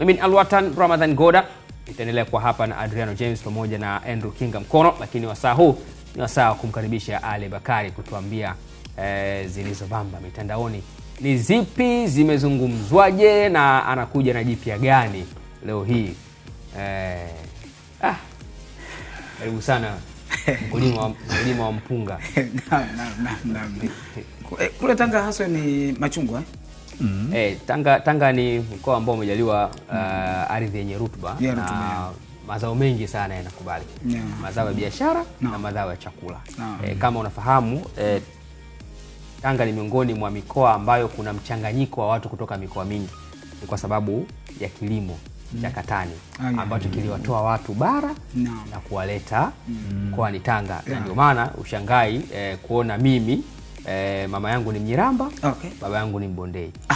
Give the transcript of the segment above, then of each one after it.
Mimi ni Alwatan Ramadhan Goda, nitaendelea kwa hapa na Adriano James pamoja na Andrew Kinga Mkono, lakini wasaa huu ni wasaa wa kumkaribisha ali Bakari kutuambia eh, zilizobamba mitandaoni ni zipi, zimezungumzwaje na anakuja na jipya gani leo hii eh, ah, karibu sana mkulima wa, mpunga. Kule Tanga haswa ni machungwa eh? mm -hmm. eh, Tanga, Tanga ni mkoa ambao umejaliwa uh, ardhi yenye rutuba yeah, na mazao mengi sana yanakubali yeah. mazao ya biashara no. na mazao ya chakula no. eh, kama unafahamu eh, Tanga ni miongoni mwa mikoa ambayo kuna mchanganyiko wa watu kutoka mikoa mingi, ni kwa sababu ya kilimo mm. cha mm. katani ah, ambacho kiliwatoa watu bara no. na kuwaleta mkoani mm. Tanga yeah. na ndio maana ushangai eh, kuona mimi e, mama yangu ni Mnyiramba okay. baba yangu ni Mbondei ah.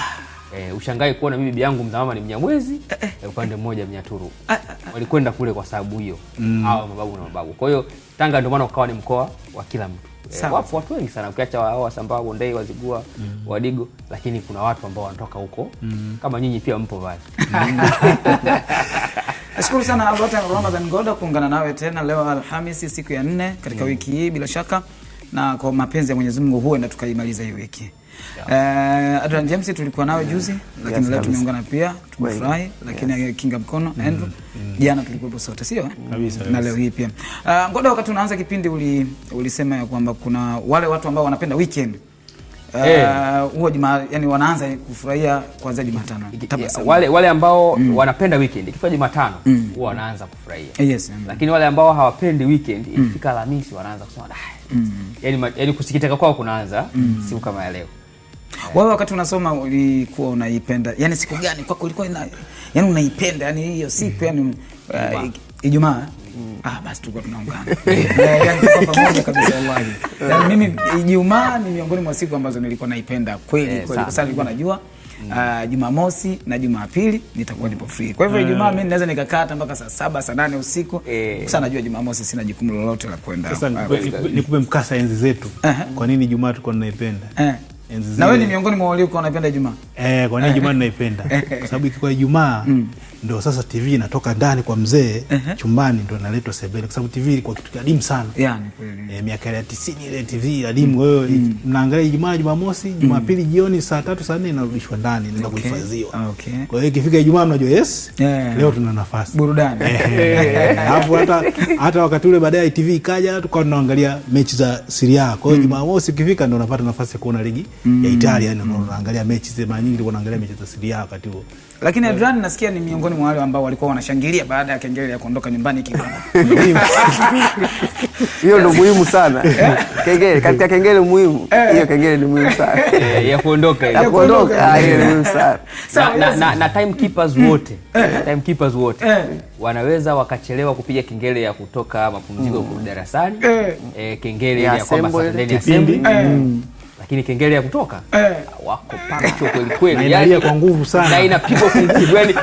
E, eh, ushangai kuona mimi bibi yangu Mzawama ni Mnyamwezi eh, eh, eh, upande mmoja Mnyaturu ah, ah, ah, walikwenda kule kwa sababu hiyo mm. Hawa mababu na mababu. Kwa hiyo Tanga ndio maana ukawa ni mkoa wa kila mtu. E, wapo watu wengi sana ukiacha wao Wasambaa, Bondei, Wazigua, mm. Wadigo, lakini kuna watu ambao wanatoka huko mm. kama nyinyi pia mpo pale. Mm. Nashukuru sana Albert Ramadan Ngoda kuungana nawe tena leo Alhamisi, siku ya nne katika mm. wiki hii bila shaka na kwa mapenzi ya Mwenyezi Mungu huenda tukaimaliza hii wiki. Yeah. Uh, Adrian James tulikuwa nawe juzi lakini yes, leo tumeungana pia tumefurahi, lakini yes. Kinga mkono mm. Andrew mm-hmm. jana mm. tulikuwepo sote sio eh? na leo hii pia uh, eh, Ngoda, wakati unaanza kipindi ulisema uli ya kwamba kuna wale watu ambao wanapenda weekend Eh. Eh, huo juma yani wanaanza kufurahia kuanzia Jumatano. Wale wale ambao mm. wanapenda weekend ikifika Jumatano mm. huwa wanaanza kufurahia. Eh, yes, mm. Lakini wale ambao hawapendi weekend mm. ikifika Alhamisi wanaanza kusema mm. yani, yani kusikitika kwao kunaanza mm. siku kama ya leo. Wewe wakati unasoma ulikuwa unaipenda yani siku gani kwako ulikuwa ina, yani unaipenda yani hiyo siku yani uh, Ijumaa mm. Ah, basi tulikuwa tunaungana eh, yani pamoja kabisa wallahi. Eh. Na yaani mimi Ijumaa ni miongoni mwa siku ambazo nilikuwa naipenda kweli eh, kweli, kwa sababu nilikuwa najua Uh, Jumamosi na Jumapili nitakuwa nipo free. Kwa hivyo mm. Ijumaa mimi naweza nikakaa mpaka saa saba saa nane usiku eh. Sasa najua Jumamosi sina jukumu lolote la kwenda. Sasa ah, nikupe mkasa enzi zetu uh -huh. Kwa nini Ijumaa tulikuwa tunaipenda uh -huh. Enzi na wewe ni miongoni mwa walio kwa unapenda Ijumaa eh? Kwa nini Ijumaa tunaipenda? Kwa sababu ikikuwa Ijumaa mm ndo sasa TV inatoka ndani kwa mzee uh -huh. chumbani ndo naletwa sebele, kwa sababu TV ilikuwa kitu adimu sana yani, e, miaka ya 90 ile TV adimu. Wewe mm. mm. mnaangalia Ijumaa, Jumamosi, mm. Jumapili mm. jioni saa tatu saa nne inarudishwa ndani, inaenda okay. kuhifadhiwa okay. kwa hiyo ikifika Ijumaa mnajua yes yeah. leo tuna nafasi burudani eh, eh, hapo. hata hata wakati ule baadaye TV ikaja, tukawa tunaangalia mechi za Serie A. Kwa hiyo mm. Jumamosi ukifika ndo unapata nafasi ya kuona ligi mm. ya Italia, yani mm. unaangalia mechi zile, mara nyingi unaangalia mechi za Serie A wakati huo lakini Adrian nasikia ni miongoni mwa wale ambao walikuwa wanashangilia baada ya kengele ya kuondoka nyumbani ikigongwa. Hiyo ndio muhimu sana. Kengele kati ya kengele muhimu. Eh. Hiyo kengele ni muhimu sana. Eh, ya kuondoka ile. Ya kuondoka ile ni muhimu sana. Na na na timekeepers hmm. wote. Eh. Timekeepers wote wanaweza wakachelewa kupiga kengele ya kutoka mapumziko hmm. kwa darasani. Eh, kengele ya kwamba Saturday assembly. Hmm lakini kengele ya kutoka eh, wako pacho kweli kweli, yani kwa nguvu sana, na inapigwa kwa nguvu yani,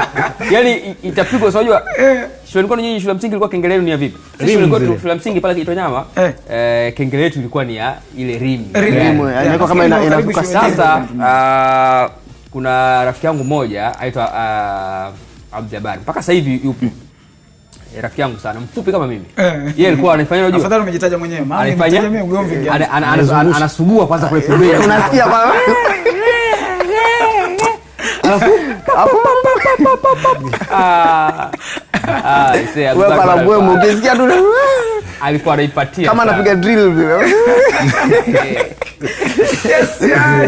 yani itapigwa. sio unajua eh, shule nilikuwa nyinyi, shule msingi ilikuwa kengele yenu ni ya vipi? Shule ilikuwa shule msingi pale nyama eh, eh, kengele yetu ilikuwa ni ya ile rim rim, yani kama inaruka. Sasa ah, kuna rafiki yangu mmoja aitwa ah, Abdul Jabbar, mpaka sasa hivi yupo Eh, rafiki yangu sana mfupi kama mimi eh. yeye alikuwa anafanya unajua afadhali umejitaja mwenyewe maana anafanya mimi ugomvi eh, anasugua kwanza kule pembeni unasikia baba alafu ukisikia tu alikuwa anaipatia kama anapiga drill vile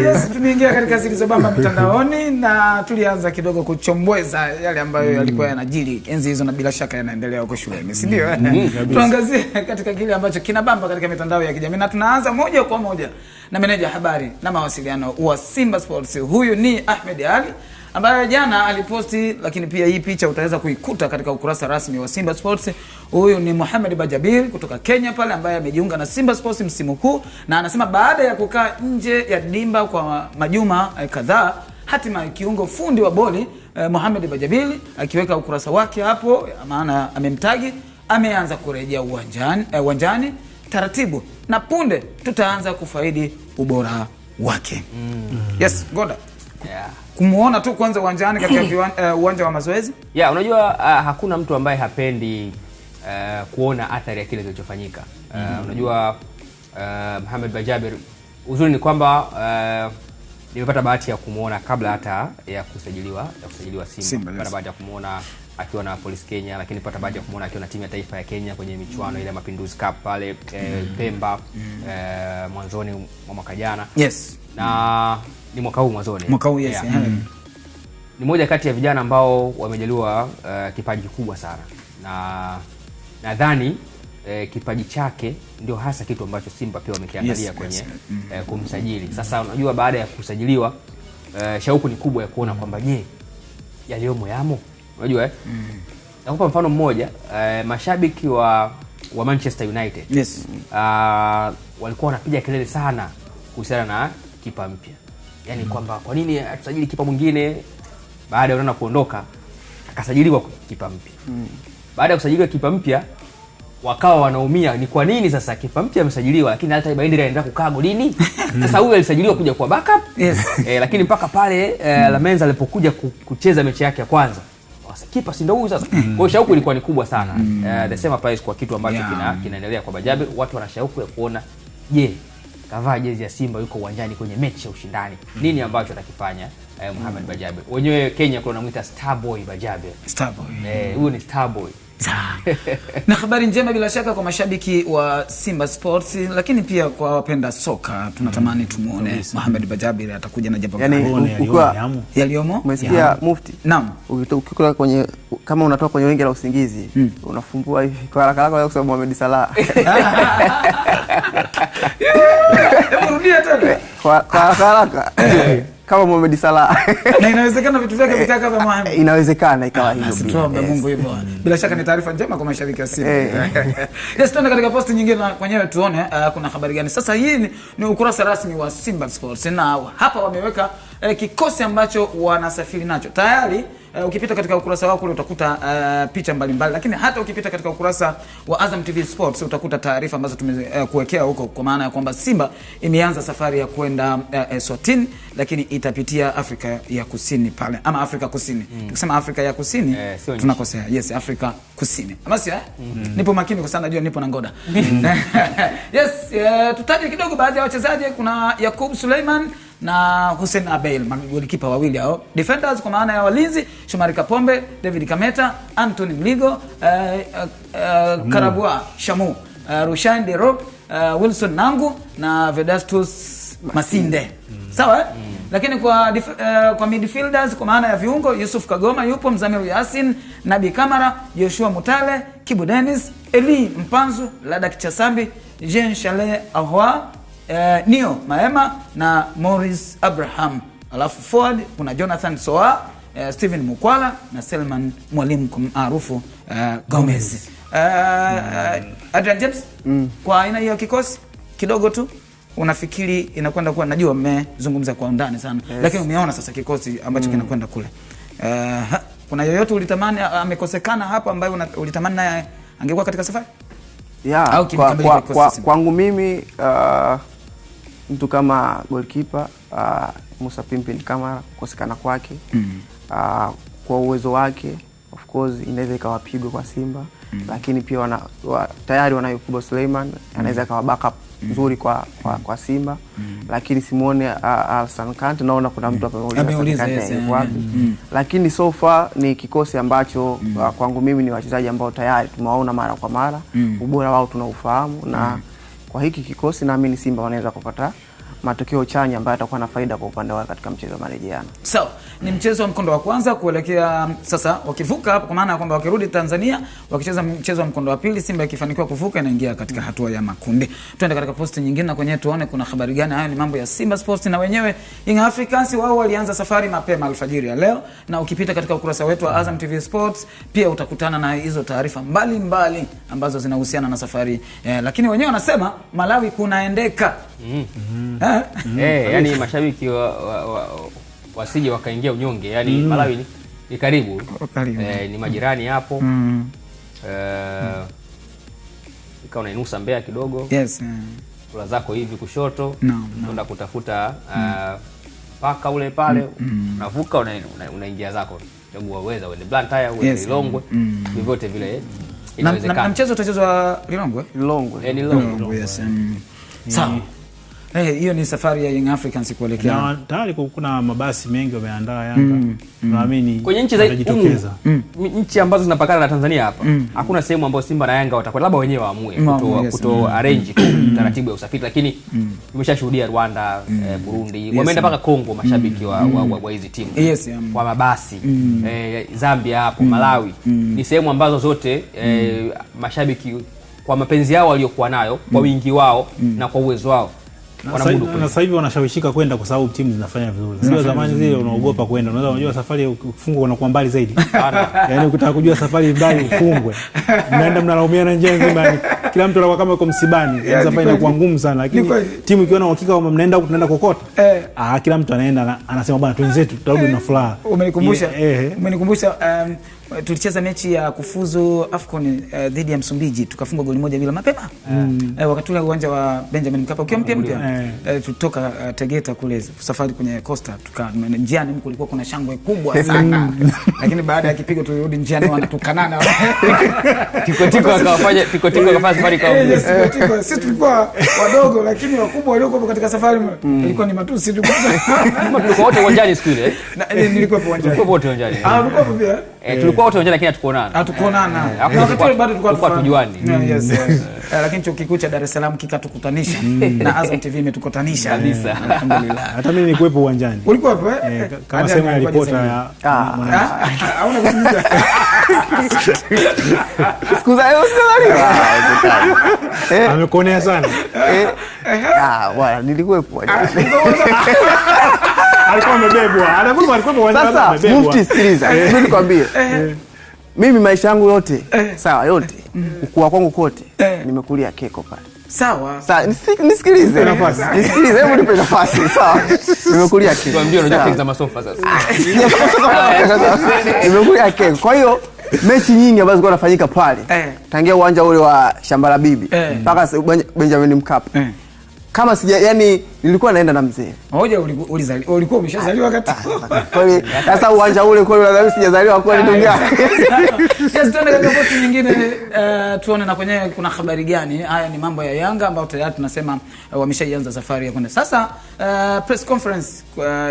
yes, tuliingia katika zilizobamba mtandaoni na tulianza kidogo kuchombweza yale ambayo mm. yalikuwa yanajiri enzi hizo na bila shaka yanaendelea huko shuleni, si ndio? Mm, mm tuangazie katika kile ambacho kinabamba katika mitandao ya kijamii, na tunaanza moja kwa moja na meneja habari na mawasiliano wa Simba Sports. Huyu ni Ahmed Ali ambayo jana aliposti, lakini pia hii picha utaweza kuikuta katika ukurasa rasmi wa Simba Sports. Huyu ni Mohamed Bajabir kutoka Kenya pale ambaye amejiunga na Simba Sports msimu huu, na anasema baada ya kukaa nje ya dimba kwa majuma eh, kadhaa hatima kiungo fundi wa boli eh, Mohamed bajabir akiweka ukurasa wake hapo, maana amemtagi, ameanza kurejea uwanjani, eh, uwanjani taratibu na punde tutaanza kufaidi ubora wake. mm. Yes, Goda, yeah kumwona tu kwanza uwanjani katika uwanja uh, eh, uwanja wa mazoezi yeah, unajua uh, hakuna mtu ambaye hapendi uh, kuona athari ya kile kilichofanyika uh, mm -hmm. unajua uh, Mohamed Bajaber uzuri ni kwamba uh, nimepata bahati ya kumwona kabla hata ya kusajiliwa ya kusajiliwa Simba, Simba yes. bahati ya kumwona akiwa na Police Kenya, lakini pata bahati ya kumwona akiwa na timu ya taifa ya Kenya kwenye michuano ile ya Mapinduzi Cup pale eh, mhm. Pemba mhm. eh, mwanzoni mwa mwaka jana yes na ni mwaka huu mwanzoni, mwaka huu yes, yeah. mm. Ni moja kati ya vijana ambao wamejaliwa uh, kipaji kikubwa sana na nadhani eh, kipaji chake ndio hasa kitu ambacho Simba pia wamekiangalia yes, kwenye yes. eh, kumsajili. Sasa unajua baada ya kusajiliwa eh, shauku ni kubwa ya kuona kwamba je, yaliyomo yamo, unajua eh? mm Nakupa mfano mmoja eh, mashabiki wa wa Manchester United yes. uh, walikuwa wanapiga kelele sana kuhusiana na kipa mpya yani, kwamba kwa nini atusajili kipa mwingine baada ya unaona kuondoka akasajiliwa kipa mpya mm. Baada ya kusajiliwa kipa mpya wakawa wanaumia, ni kwa nini sasa kipa mpya amesajiliwa, lakini hata Ibaind anaendelea kukaa golini sasa huyu alisajiliwa kuja kwa backup yes. E, lakini mpaka pale e, eh, hmm. Lamenza alipokuja kucheza mechi yake ya kwanza sasa kipa si ndio huyu sasa. mm. Kwa shauku ilikuwa ni kubwa sana mm. Uh, eh, the same applies kwa kitu ambacho yeah. kinaendelea kina kwa Bajabe, watu wana shauku ya kuona je, yeah kavaa jezi ya Simba, yuko uwanjani kwenye mechi ya ushindani, nini ambacho atakifanya? Eh, Mohamed mm. Bajabe wenyewe Kenya kuna namwita Starboy Bajabe, Starboy eh, huyu eh, ni Starboy Sawa. Na habari njema bila shaka kwa mashabiki wa Simba Sports, lakini pia kwa wapenda soka tunatamani mm. tumuone Mohamed Bajaber atakuja na jambo yaani, gani yaliyomo. Umesikia Mufti? Naam. Ukikula kwenye kama unatoka kwenye wingi la usingizi mm. unafumbua hivi kwa haraka haraka kwa Mohamed Salah. Rudia tena. Kwa haraka haraka. kama Mohamed Salah na inawezekana vitu vyake eh, vitaka kama Mohamed, inawezekana ikawa ah, hivyo. Basi tuombe Mungu hivyo. Bila shaka ni taarifa njema kwa mashabiki wa Simba. Eh. Yes, tuende katika posti nyingine na kwenyewe tuone uh, kuna habari gani sasa. Hii ni, ni ukurasa rasmi wa Simba Sports na hapa wameweka uh, kikosi ambacho wanasafiri nacho tayari uh, ukipita katika ukurasa wao kule utakuta uh, picha mbalimbali Lakini hata ukipita katika ukurasa wa Azam TV Sports utakuta taarifa ambazo tumekuwekea eh, uh, huko kwa maana ya kwamba Simba imeanza safari ya kwenda uh, Eswatini lakini itapitia Afrika ya Kusini pale ama Afrika Kusini. Mm. Tukisema Afrika ya Kusini eh, tunakosea. Yes, Afrika Kusini. Ama eh? Mm. Nipo makini kwa sana najua nipo na ngoda. Mm. yes, uh, tutaje kidogo baadhi ya wachezaji kuna Yakub Suleiman na Hussein abel magolikipa wawili hao. Defenders kwa maana ya walinzi, Shomari Kapombe, David Kameta, Anthony Mligo, uh, uh, uh, Karabua Shamu, uh, Rushan de Derop, uh, Wilson Nangu na Vedastus Masinde. Mm. Sawa eh? Mm. Lakini kwa dif, uh, kwa midfielders kwa maana ya viungo Yusuf Kagoma yupo, Mzamiru Yasin, Nabi Kamara, Joshua Mutale, Kibu Dennis, Eli Mpanzu, Lada Kichasambi, Jean Shale ahoa eh, Neo Maema na Morris Abraham, alafu ford kuna Jonathan Soa eh, stephen Mukwala na Selman Mwalimu maarufu eh, Gomez eh, eh, Adrian James mm. Kwa aina hiyo kikosi kidogo tu unafikiri inakwenda kuwa, najua mmezungumza kwa undani sana yes. Lakini umeona sasa kikosi ambacho mm. kinakwenda kule eh, kuna yoyote ulitamani amekosekana hapa ambayo ulitamani naye angekuwa katika safari? Yeah, au kwa, kwa, kwa, kwangu mimi uh, mtu kama golkipa uh, Musa Pimpin Kamara kukosekana kwake mm. uh, kwa uwezo wake of course inaweza ikawa pigo kwa Simba mm. lakini pia wana, wa, tayari wana Kubo Suleiman mm. anaweza ikawa backup mm. nzuri kwa, kwa, mm. kwa Simba mm. lakini simuone uh, Alsan Kant naona kuna mtu mm. ameuliza -hmm. lakini so far ni kikosi ambacho mm. uh, kwangu mimi ni wachezaji ambao tayari tumewaona mara kwa mara mm. ubora wao tunaufahamu na mm kwa hiki kikosi naamini Simba wanaweza kupata matokeo chanya ambayo atakuwa na faida kwa upande wake katika mchezo wa marejeano. Sawa, so, ni mchezo wa mkondo wa kwanza kuelekea sasa, wakivuka hapa, kwa maana ya kwamba wakirudi Tanzania wakicheza mchezo wa mkondo wa pili, Simba ikifanikiwa kuvuka inaingia katika hatua ya makundi. Tuende katika posti nyingine na kwenyewe tuone kuna habari gani. Hayo ni mambo ya Simba Sports na wenyewe Young Africans, wao walianza safari mapema alfajiri ya leo, na ukipita katika ukurasa wetu wa Azam TV Sports pia utakutana na hizo taarifa mbalimbali ambazo zinahusiana na safari eh, lakini wenyewe wanasema Malawi kunaendeka mm -hmm. Mm. Hey, eh, yani mashabiki wa, wa, wa, wasije wakaingia unyonge yani mm. Malawi ni, ni karibu, oh, Eh, ni majirani hapo mm. eh, ikawa unainusa Mbeya kidogo yes, yeah. Kula zako hivi kushoto no, no. Kutafuta uh, paka ule pale mm. mm. Unavuka unaingia una, una zako chagua, uweza uende Blantyre uende yes, eh. Lilongwe mm. Vyovyote vile inawezekana. Na mchezo utachezwa Lilongwe, Lilongwe, Lilongwe, yes. Mm. Sawa. Eh, hiyo hey, ni safari ya Young Africans kuelekea tayari kuna mabasi mengi wameandaa Yanga mm, mm. naamini kwenye nchi za jitokeza mm, mm. nchi ambazo zinapakana na Tanzania hapa mm. hakuna sehemu ambayo Simba na Yanga watakuwa labda wenyewe waamue mm, kuto, yes, kuto mm. arrange mm. taratibu ya usafiri lakini mm. Rwanda mm. eh, Burundi yes, wameenda mm. mpaka Kongo mm. mashabiki mm. wa, wa, wa, hizi timu yes, um. kwa mabasi mm. eh, Zambia hapo mm. Malawi mm. ni sehemu ambazo zote eh, mm. mashabiki kwa mapenzi yao waliokuwa nayo kwa wingi wao mm. na kwa uwezo wao wanamudu Sasa hivi wanashawishika kwenda kwa sababu timu zinafanya vizuri. Sio zamani zile unaogopa kwenda. Unaweza unajua safari ukifungwa unakuwa mbali zaidi. Yaani ukitaka kujua safari mbali ufungwe. Mnaenda mnalaumiana njia nzima. Kila mtu anakuwa kama yuko msibani. Yaani safari inakuwa ngumu sana lakini timu ikiwa uhakika kwamba mnaenda huko tunaenda kokota. Eh. Ah, kila mtu anaenda anasema bwana, twenzetu tutarudi na furaha. Eh, umenikumbusha. Eh. Umenikumbusha um, tulicheza mechi ya kufuzu AFCON eh, dhidi ya Msumbiji tukafunga goli moja bila mapema mm. uh, wakati ule uwanja wa Benjamin Mkapa ukiwa mpya mpya yeah. uh, eh, tutoka uh, Tegeta kule safari kwenye Costa tuka njiani kulikuwa kuna shangwe kubwa mm. sana lakini baada ya kipigo tulirudi njiani wanatukanana tiko akawafanya tiko akafanya safari kwa yes, tiko sisi tulikuwa wadogo lakini wakubwa waliokuwa katika safari mm. ilikuwa ni matusi tulikuwa wote uwanjani siku ile nilikuwa uwanjani nilikuwa wote uwanjani ah ulikuwa pia Eh, tulikuwa wote wengine lakini hatukuonana. Hatukuonana. Eh, eh, na wakati bado tulikuwa tujuani. Mm. Yes. Eh, lakini chuo kikuu cha Dar es Salaam kikatukutanisha mm. na Azam TV imetukutanisha kabisa. Alhamdulillah. Hata mimi nilikuwepo uwanjani. Ulikuwa Ulikuwepo eh? Kama sema ya ripota ya ah. Ah, ah, hauna kuzungumza. Sikuza leo sikuza leo. Amekonea sana. Eh. Ah, bwana nilikuwepo. alikuwa amebebwa. alikuwa Sasa mufti, sikiliza, eh. nikwambie. Eh. Eh. Mimi maisha yangu yote sawa, yote mm. ukua kwangu kote nimekulia Keko pale. Sawa. nisikilize. Nisikilize, hebu nipe nafasi. Sawa. Nimekulia Keko. Tuambie unajua keki za masofa sasa. Ah. Nimekulia Kwa hiyo mechi nyingi ambazo zilikuwa zinafanyika pale tangia uwanja ule wa Shamba la Bibi mpaka Benjamin Mkapa kama sija yani nilikuwa naenda na mzee hoja Ulikuwa umeshazaliwa kati ah, ah, ah. kweli? Sasa uwanja ule kweli, nadhani sijazaliwa kwa kweli. Dunia tuende katika posti nyingine, eh, tuone na kwenye kuna habari gani. Haya ni mambo ya Yanga ambao tayari tunasema eh, wameshaanza safari ya kwenda sasa. Eh, press conference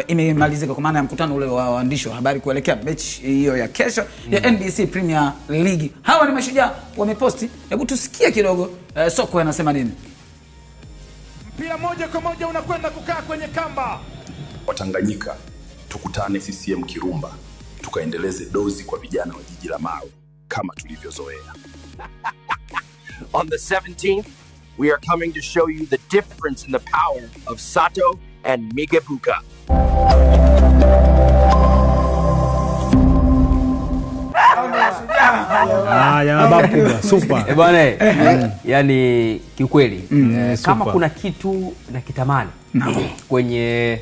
imemalizika kwa maana ya mkutano ule wa waandishi wa habari kuelekea mechi hiyo ya kesho ya mm. NBC Premier League. Hawa ni mashujaa wameposti, hebu tusikie kidogo soko anasema nini. moja kwa moja unakwenda kukaa kwenye kamba. Watanganyika, tukutane CCM Kirumba, tukaendeleze dozi kwa vijana wa jiji la mawe kama tulivyozoea. On the 17th, we are coming to show you the difference in the power of Sato and Migebuka. Eh, bwana, eh, eh. yani kiukweli mm, kama kuna kitu na kitamani kwenye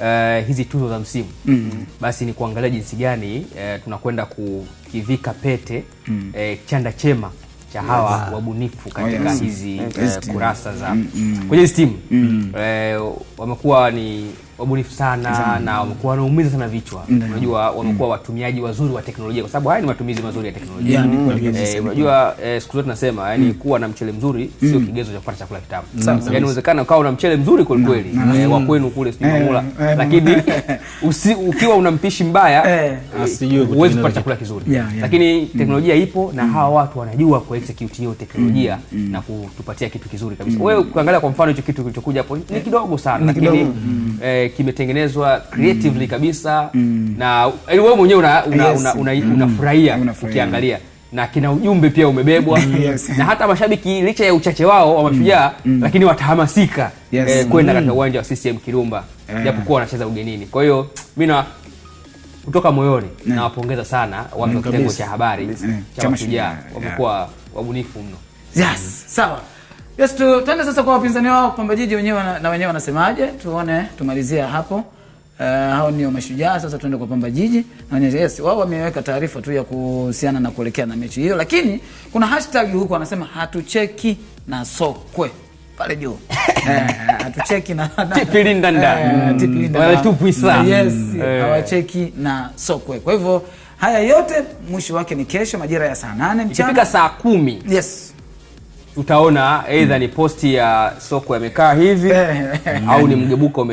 uh, hizi tuzo za msimu mm. basi ni kuangalia jinsi gani uh, tunakwenda kukivika pete mm. uh, chanda chema cha hawa yes. wabunifu oh, katika oh, yes. hizi uh, kurasa za mm, mm. kwenye hizi timu mm. uh, wamekuwa ni wabunifu sana Zami. na wamekuwa wanaumiza sana vichwa. Unajua mm. wamekuwa mm. watumiaji wazuri wa teknolojia, kwa sababu haya ni matumizi mazuri ya teknolojia yeah, mm. mm. eh, unajua eh, siku zote tunasema yani mm. kuwa na mchele mzuri mm. sio kigezo cha kupata chakula kitamu mm. yani inawezekana ukawa una mchele mzuri kweli mm. kweli no. Eh, wa kwenu kule sijui mamula eh, eh, eh, lakini usi, ukiwa una mpishi mbaya eh, huwezi kupata chakula kizuri yeah, yeah. lakini teknolojia mm. ipo na hawa watu wanajua ku execute hiyo teknolojia mm. na kutupatia kitu kizuri kabisa. Wewe ukiangalia kwa mfano hicho kitu kilichokuja hapo ni kidogo sana, lakini kimetengenezwa mm. creatively kabisa mm. na yaani wewe mwenyewe mm. unafurahia una, ukiangalia na kina ujumbe pia umebebwa yes. na hata mashabiki licha ya uchache wao wa mashujaa mm. mm. lakini watahamasika yes. eh, kwenda mm. katika uwanja wa CCM Kirumba eh. japokuwa yeah. wanacheza ugenini. Kwa hiyo mimi kutoka moyoni yeah. nawapongeza sana watu wa mm, kitengo cha habari yeah. cha mashujaa, wamekuwa wabunifu mno. Yes, sawa. Yes, tu, tuende sasa kwa wapinzani wao Pamba Jiji wenyewe na, na wenyewe wanasemaje? Tuone tumalizia hapo. Uh, hao ndio mashujaa sasa tuende kwa Pamba Jiji na wenyewe yes, wao wameweka taarifa tu ya kuhusiana na kuelekea na mechi hiyo, lakini kuna hashtag huko wanasema hatucheki na sokwe pale juu eh, eh, hatucheki na, na tipilinda ndani eh, mm. wanatupwisa yes, mm. hawacheki na sokwe. Kwa hivyo haya yote mwisho wake ni kesho majira ya saa 8 mchana ikifika saa kumi yes utaona aidha ni posti ya soko yamekaa hivi eh, au ni mgebuko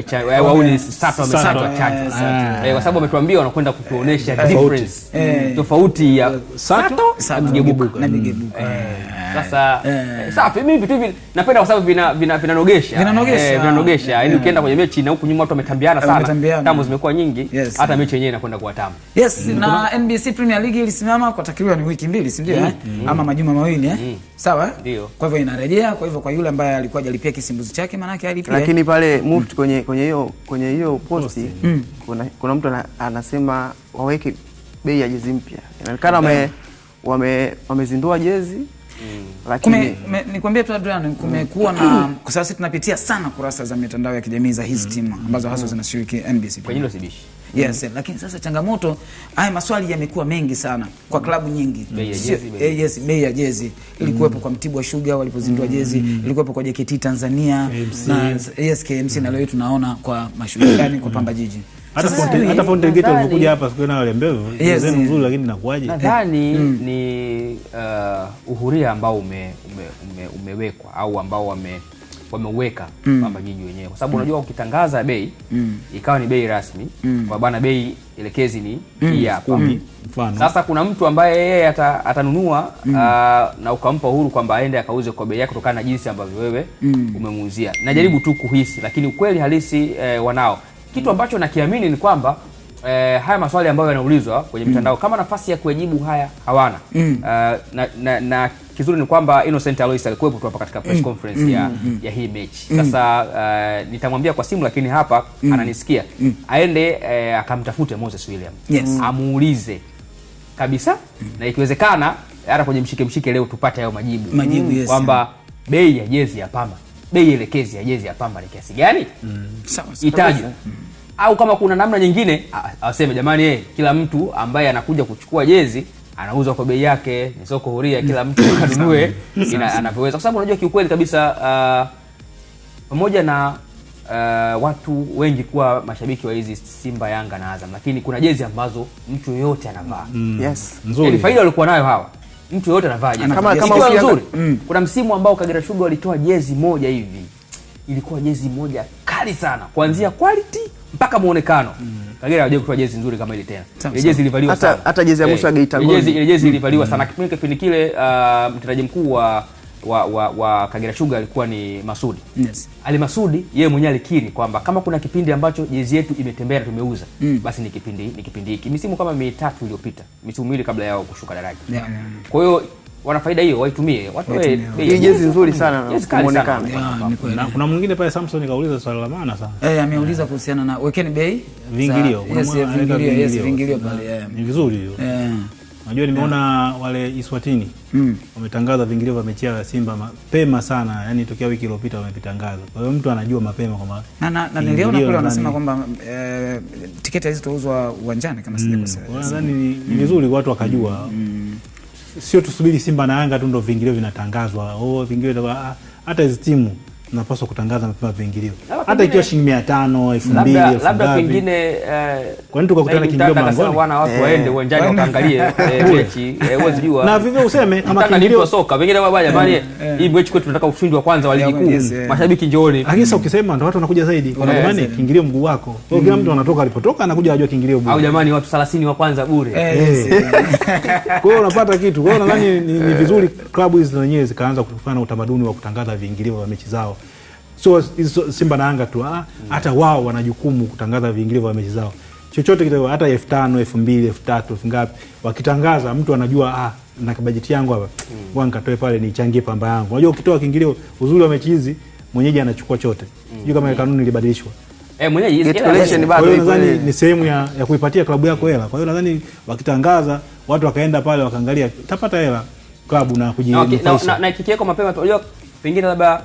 au ni sato amesatwa eh, eh. kwa sababu ametuambia wanakwenda kutuonesha difference tofauti ya sato na mgebuka Yaani. Sasa eh. eh, safi. Mimi vitu hivi napenda kwa sababu vina vinanogesha vinanogesha eh, vinanogesha yaani, eh. ukienda kwenye mechi na huku nyuma watu wametambiana sana, tamu zimekuwa nyingi, yes, hata mechi yenyewe inakwenda kuwa tamu. Yes, mm. na mm. NBC Premier League ilisimama kwa takriban wiki mbili, si ndio eh? mm. eh? Ama majuma mawili eh? mm. Sawa, ndio. Kwa hivyo inarejea. Kwa hivyo kwa yule ambaye alikuwa hajalipia kisimbuzi chake, maana yake alipia, lakini pale moved mm. kwenye kwenye hiyo kwenye hiyo posti mm. kuna kuna mtu anasema waweke bei ya jezi mpya, inaonekana wame wamezindua jezi Mm. lakini nikwambie tu Adrian, kumekuwa na mm. kwa sasa tunapitia sana kurasa za mitandao ya kijamii za hizi mm. timu ambazo hasa zinashiriki NBC. Kwa hilo sibishi. Yes, mm. Lakini sasa changamoto, haya maswali yamekuwa mengi sana kwa klabu nyingi. Bei ya jezi, eh, yes, bei ya jezi ilikuwepo kwa Mtibwa wa Sugar walipozindua mm. jezi, ilikuwepo kwa JKT Tanzania KMC. na yes, KMC mm. na leo tunaona kwa Mashujaa kwa Pamba Jiji hata Gate hapa siku ile mbevu yes, nzuri lakini inakuaje? Nadhani mm. ni uh, uhuria ambao ume, ume, ume, umewekwa au ambao wame wameuweka mm. kwamba jiji wenyewe kwa sababu mm. unajua hmm. ukitangaza bei mm. ikawa ni bei rasmi mm. kwa bana bei elekezi ni mm. hii hapa mm. Sasa kuna mtu ambaye yeye ata, atanunua mm. na ukampa uhuru kwamba aende akauze kwa bei yake kutokana na jinsi ambavyo wewe mm. umemuuzia. Najaribu tu kuhisi, lakini ukweli halisi eh, wanao kitu ambacho nakiamini ni kwamba eh, haya maswali ambayo yanaulizwa kwenye mm. mitandao mm. kama nafasi ya kuyajibu haya hawana mm. uh, na, na, na kizuri ni kwamba Innocent Alois alikuwepo tu hapa katika press mm. conference mm. ya, mm, mm. ya hii mechi sasa. Uh, nitamwambia kwa simu lakini hapa mm. ananisikia mm. aende eh, akamtafute Moses William yes. amuulize kabisa mm. na ikiwezekana hata kwenye mshike mshike leo tupate hayo majibu, majibu yes, kwamba bei ya jezi ya Pamba, bei elekezi ya jezi ya Pamba ni kiasi gani? mm. itajwa au kama kuna namna nyingine aseme jamani, eh, kila mtu ambaye anakuja kuchukua jezi anauzwa kwa bei yake, ni soko huria, kila mtu anunue anavyoweza, kwa sababu unajua kiukweli kabisa pamoja uh, na uh, watu wengi kuwa mashabiki wa hizi Simba, Yanga na Azam, lakini kuna jezi ambazo mtu yoyote anavaa mm. mm. Yes, nzuri yaani faida walikuwa nayo hawa mtu yoyote anavaa jezi yaani kama, kama yes, nzuri mm. Kuna msimu ambao Kagera Sugar walitoa jezi moja hivi, ilikuwa jezi moja kali sana kuanzia quality mpaka muonekano mm. Kagera hajawahi kutoa jezi nzuri kama ile tena. Ile jezi ilivaliwa hata, sana. Hata jezi ya eh, mwisho ya Geita Gold. Ile jezi ilivaliwa mm. sana. Kipindi kipindi kile uh, mtendaji mkuu wa wa, wa, wa Kagera Sugar alikuwa ni Masudi. Yes. Ali Masudi yeye mwenyewe alikiri kwamba kama kuna kipindi ambacho jezi yetu imetembea na tumeuza mm. basi ni kipindi ni kipindi hiki. Misimu kama mitatu iliyopita, misimu miwili kabla yao kushuka daraja. Yeah, yeah. Kwa hiyo wana faida hiyo waitumie. Watu hii jezi nzuri sana inaonekana. Na kuna mwingine pale Samson kauliza swali la maana sana. Eh, ameuliza kuhusiana na wekeni bei vingilio. Yes, vingilio, yes, vingilio pale. Ni vizuri hiyo. Eh. Najua nimeona wale Iswatini mm. wametangaza vingilio vya mechi yao ya Simba mapema sana, yani tokea wiki iliyopita wamevitangaza. Kwa hiyo mtu anajua mapema kwamba na, na, na niliona kule wanasema kwamba e, tiketi hizi zitauzwa uwanjani kama sijakosea. Mm. Nadhani ni vizuri mm. watu wakajua mm sio tusubiri Simba na Yanga tu ndo vingilio vinatangazwa, oh, vingilio ah, hata hizi timu tunapaswa kutangaza mapema viingilio, hata ikiwa shilingi mia tano elfu mbili labda pengine. Eh, tukakutana kiingilio mlangoni? Eh. waende uwanjani wakaangalie eh, mechi, na vivyo useme kama kiingilio soka, pengine baba, jamani, hii mechi kwetu tunataka ushindi wa kwanza wa ligi kuu, mashabiki njooni. Lakini sasa ukisema ndo watu wanakuja zaidi, wanatamani kiingilio mguu wako. Kwa kila mtu anatoka alipotoka anakuja ajua kiingilio bure, au jamani, watu 30 wa kwanza bure. Kwa hiyo unapata kitu. Kwa hiyo nadhani ni vizuri klabu hizi zenyewe zikaanza kufanya utamaduni wa kutangaza viingilio vya mechi zao sio so, Simba na Yanga tu ah, hata mm. wao wana jukumu kutangaza viingilio vya mechi zao chochote kile, hata elfu tano elfu mbili elfu tatu elfu ngapi wakitangaza, mtu anajua ah, na kabajeti yangu hapa mm. wa nikatoe pale nichangie pamba yangu. Unajua, ukitoa kiingilio, uzuri wa mechi hizi mwenyeji anachukua chote mm. sijui kama mm. kanuni ilibadilishwa Eh, nadhani ni sehemu ya, ya kuipatia klabu yako hela. Kwa hiyo nadhani wakitangaza watu wakaenda pale wakaangalia tapata hela klabu na kujinufaisha. Na, na, na, na, na kikiweko mapema unajua pengine labda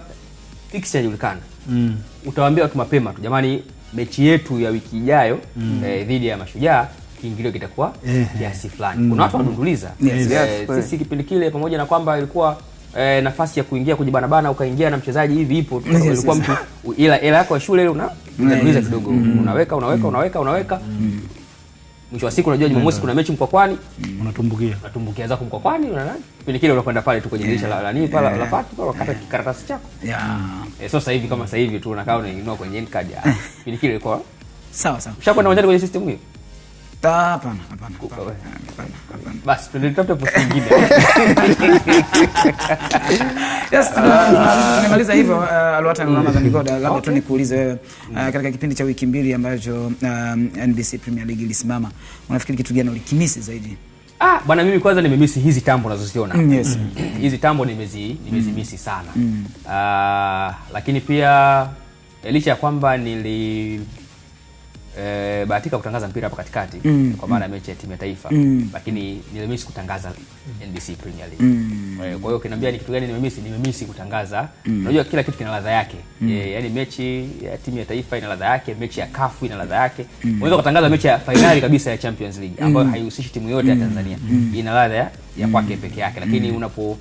fix inajulikana mm. utawambia watu mapema tu, jamani, mechi yetu ya wiki ijayo mm. eh, dhidi ya Mashujaa kiingilio kitakuwa kiasi fulani mm. Kuna watu wanadunduliza yes. eh, yes. Sisi kipindi kile pamoja na kwamba ilikuwa eh, nafasi ya kuingia kujibanabana ukaingia na mchezaji hivi ipo yes, ilikuwa mtu ila ela yako ya shule ile una kidogo mm. Unaweka unaweka unaweka unaweka mm mwisho wa siku unajua Jumamosi kuna mechi Mkwakwani, mm. unatumbukia unatumbukia zako Mkwakwani, una nani kipindi kile unakwenda pale tu kwenye dirisha la nini pale la eh. pati pale wakata kikaratasi chako yeah. sasa hivi kama sasa hivi tu unakaa unainua kwenye end card ya eh. pindi kile ilikuwa sawa sawa, ushakwenda uwanjani kwenye system hiyo Hapana, hapana, hapana. Basi tulitafute posti Yes, nimemaliza hivyo uh, aluata na Ramadhan Goda, labda tu nikuulize wewe uh, mm. katika kipindi cha wiki mbili ambacho um, NBC Premier League ilisimama, unafikiri kitu gani ulikimisi zaidi? Ah, bwana mimi kwanza nimemisi hizi tambo nazoziona. Mm, yes. Mm. Hizi tambo nimezi nimezimisi sana. Uh, lakini pia eh, licha ya kwamba nili e, bahatika kutangaza mpira hapa katikati mm. kwa maana ya mechi ya timu ya taifa mm. lakini nimemisi kutangaza NBC Premier League mm. Eh, kwa hiyo ukiniambia ni kitu gani nimemisi, nimemisi kutangaza mm. unajua kila kitu kina ladha yake mm. e, eh, yani mechi ya timu ya taifa ina ladha yake, mechi ya kafu ina ladha yake mm. unaweza kutangaza mechi ya fainali kabisa ya Champions League mm. ambayo mm. haihusishi timu yote ya mm. Tanzania mm. ina ladha ya, ya mm. kwake peke yake, lakini mm. unapo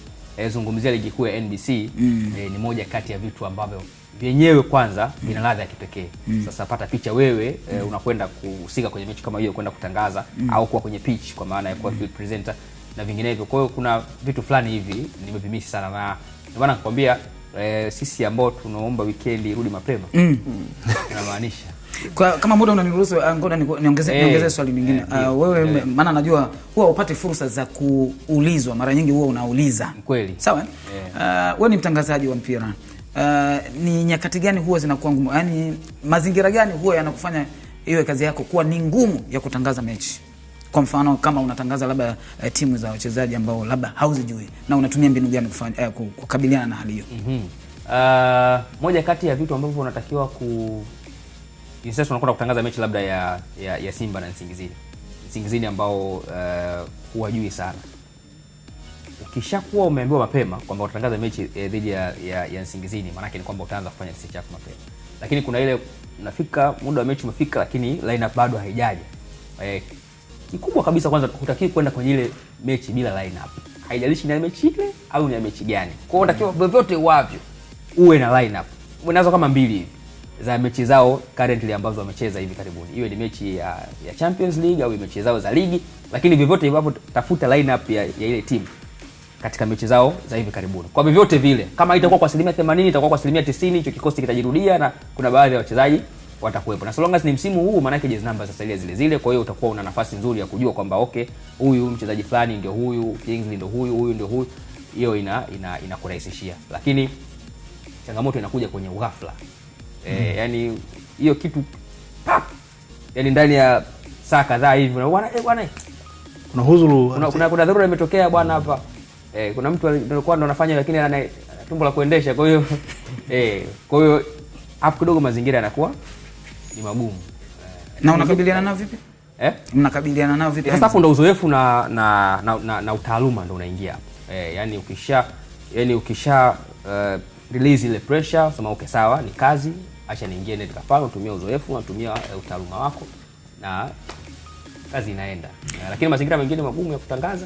zungumzia ligi kuu ya NBC mm. e, ni moja kati ya vitu ambavyo vyenyewe kwanza vina mm. ladha ya kipekee mm. Sasa pata picha wewe eh, mm. E, unakwenda kuhusika kwenye mechi kama hiyo, kwenda kutangaza mm. au kuwa kwenye pitch kwa maana ya kuwa mm. field presenter na vinginevyo. Kwa hiyo kuna vitu fulani hivi nimevimisi sana, na ndio maana nakwambia e, sisi ambao tunaomba weekend irudi mapema mm. mm. inamaanisha Kwa, kama muda unaniruhusu ah, ngoja niongezee niongezee eh. swali lingine. Uh, wewe maana najua huwa upate fursa za kuulizwa mara nyingi, huwa unauliza kweli, sawa? Uh, wewe ni mtangazaji wa mpira uh, ni nyakati gani huwa zinakuwa ngumu, yaani mazingira gani huwa yanakufanya iwe kazi yako kuwa ni ngumu ya kutangaza mechi? Kwa mfano kama unatangaza labda uh, timu za wachezaji ambao labda hauzijui na unatumia mbinu gani kufanya, uh, kukabiliana na hali hiyo? mm -hmm. uh, moja kati ya vitu ambavyo unatakiwa ku sasa tunakwenda kutangaza mechi labda ya, ya, ya Simba na Nsingizini Nsingizini ambao uh, huwajui sana ukishakuwa umeambiwa mapema kwamba utatangaza mechi eh, dhidi ya, ya, ya Nsingizini, maanake ni kwamba utaanza kufanya kisi chako mapema, lakini kuna ile nafika muda wa mechi umefika, lakini lineup bado haijaja. E, kikubwa kabisa kwanza, hutakiwi kwenda kwenye ile mechi bila lineup, haijalishi ni ya mechi ile au ni ya mechi gani. Kwa hiyo unatakiwa mm. vyovyote wavyo uwe na lineup, unazo kama mbili hivi za mechi zao currently ambazo wamecheza hivi karibuni, iwe ni mechi ya, ya Champions League au mechi zao za ligi, lakini vyovyote hivyo tafuta lineup ya, ya ile timu katika mechi zao za hivi karibuni. Kwa vyovyote vile, kama itakuwa kwa asilimia 80, itakuwa kwa asilimia 90, hicho kikosi kitajirudia na kuna baadhi ya wachezaji watakuwepo. Na so long as ni msimu huu, maana yake jezi namba sasa ile zile zile, kwa hiyo utakuwa una nafasi nzuri ya kujua kwamba okay, huyu mchezaji fulani ndio huyu, Kingsley ndio huyu, huyu ndio huyu. Hiyo ina inakurahisishia. Ina Lakini changamoto inakuja kwenye ghafla. Mm. Eh, hmm. yani hiyo kitu pap. Yani ndani ya saa kadhaa hivi na bwana bwana kuna huzuru kuna, kuna, kuna dharura imetokea bwana hapa. Mm eh, kuna mtu alikuwa ndo anafanya lakini ana tumbo la kuendesha, kwa hiyo eh, kwa hiyo hapo kidogo mazingira yanakuwa ni magumu. Na unakabiliana nao vipi? Eh? Mnakabiliana nao vipi? Sasa hapo ndo uzoefu na na, na, na, na utaaluma ndo unaingia hapo. Eh, yani ukisha yani ukisha uh, release ile pressure, sema okay sawa, ni kazi, acha niingie net kafalo, tumia uzoefu, na tumia uh, eh, utaaluma wako na kazi inaenda. Eh, lakini mazingira mengine magumu ya kutangaza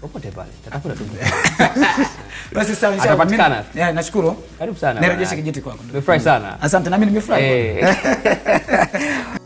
popote pale tatafuta tu. Basi sawa, inshallah. Yeah, nashukuru. Karibu sana. Nirejeshe kijiti kwako. Nimefurahi sana. Asante, nami nimefurahi. Eh.